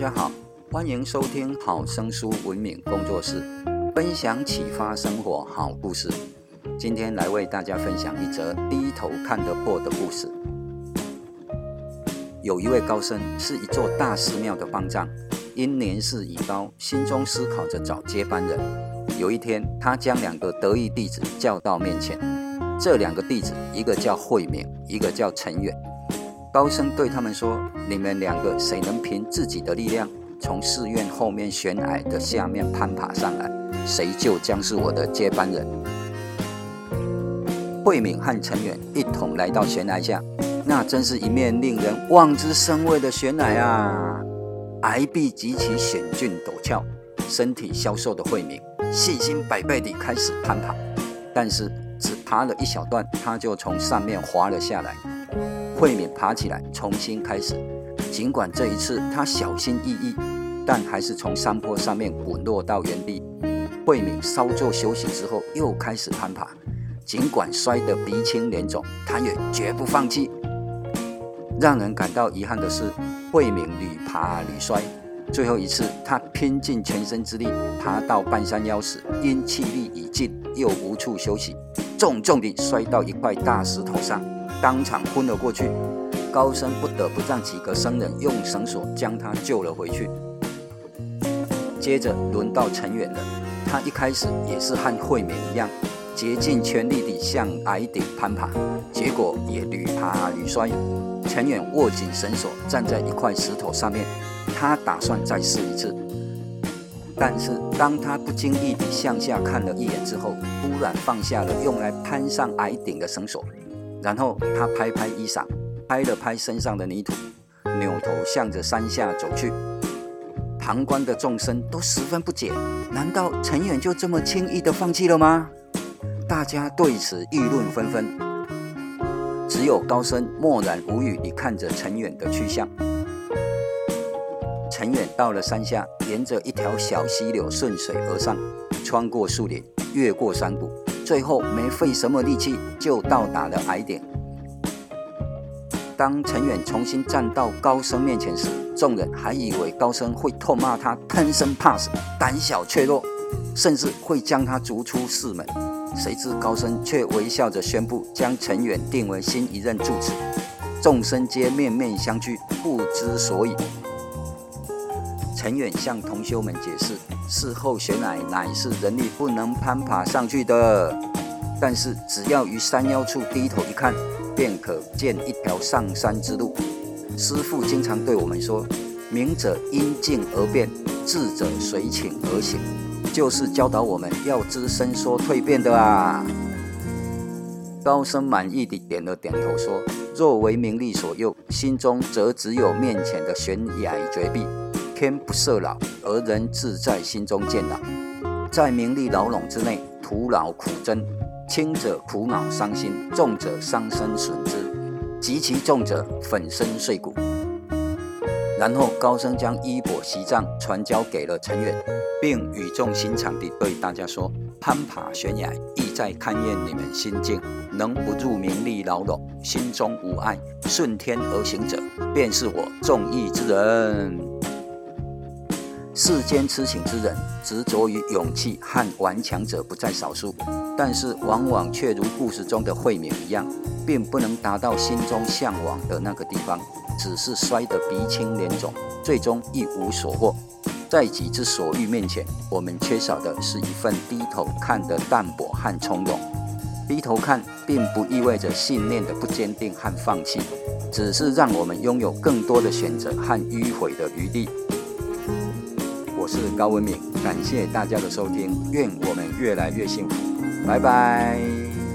大家好，歡迎收聽好生書文明工作室，分享啟發生活好故事。今天來為大家分享一則低頭看得破的故事。有一位高僧，是一座大寺廟的方丈，因年事已高，心中思考着找接班人。有一天，他將兩個得意弟子叫到面前。這兩個弟子，一個叫慧明，一個叫陳遠。高聲對他們說：“你們兩個，誰能憑自己的力量從寺院後面懸崖的下面攀爬上來，誰就將是我的接班人。”慧敏和陳遠一同來到懸崖下，那真是一面令人望之生畏的懸崖啊！崖壁極其險峻陡峭，身體消瘦的慧敏信心百倍地開始攀爬，但是只爬了一小段，他就從上面滑了下來。慧敏爬起來，重新開始。儘管這一次他小心翼翼，但還是從山坡上面滾落到原地。慧敏稍作休息之後，又開始攀爬。儘管摔得鼻青臉腫，他也絕不放棄。讓人感到遺憾的是，慧敏屢爬屢摔。最後一次，他拼盡全身之力爬到半山腰時，因氣力已盡，又無處休息，重重地摔到一塊大石頭上。當場昏了過去，高僧不得不讓幾個僧人用繩索將他救了回去。接着輪到陳遠了，他一開始也是和惠美一樣，竭盡全力地向崖頂攀爬，結果也屢爬屢摔。陳遠握緊繩索，站在一塊石頭上面，他打算再試一次。但是當他不經意地向下看了一眼之後，突然放下了用來攀上崖頂的繩索。然後他拍拍衣裳，拍了拍身上的泥土，扭頭向着山下走去。旁觀的眾生都十分不解：難道陳遠就這麼輕易地放棄了嗎？大家對此議論紛紛。只有高僧默然無語地看着陳遠的去向。陳遠到了山下，沿着一條小溪流順水而上，穿過樹林，越過山谷。最後沒費什麼力氣就到達了崖頂。當陳遠重新站到高僧面前時，眾人還以為高僧會痛罵他貪生怕死、膽小怯弱，甚至會將他逐出寺門。誰知高僧卻微笑着宣布將陳遠定為新一任住持，眾生皆面面相覷，不知所以。陳遠向同修們解釋：“事後懸崖乃是人力不能攀爬上去的，但是只要於山腰處低頭一看，便可見一條上山之路。”師傅經常對我們說：“明者因靜而變，智者隨情而行。”就是教導我們要知伸縮蛻變的啊！高僧滿意地點了點頭，說：“若為名利所誘，心中則只有面前的懸崖絕壁。”天不設牢，而人自在心中建牢。在名利牢籠之內，徒勞苦爭，輕者苦惱傷心，重者傷身損肢，極其重者粉身碎骨。然後高僧將衣鉢錫杖，傳交給了陳遠，並語重心長地對大家說：“攀爬懸崖，意在勘驗你們心境，能不入名利牢籠，心中無礙，順天而行者，便是我中意之人。”世間痴情之人，執着於勇氣和頑強者不在少數，但是往往卻如故事中的慧敏一樣，並不能達到心中向往的那個地方，只是摔得鼻青臉腫，最終一無所獲。在己之所欲面前，我們缺少的是一份低頭看的淡泊和從容。低頭看，並不意味着信念的不堅定和放棄，只是讓我們擁有更多的選擇和迂回的餘地。我是高文敏，感謝大家的收聽，願我們越來越幸福，拜拜。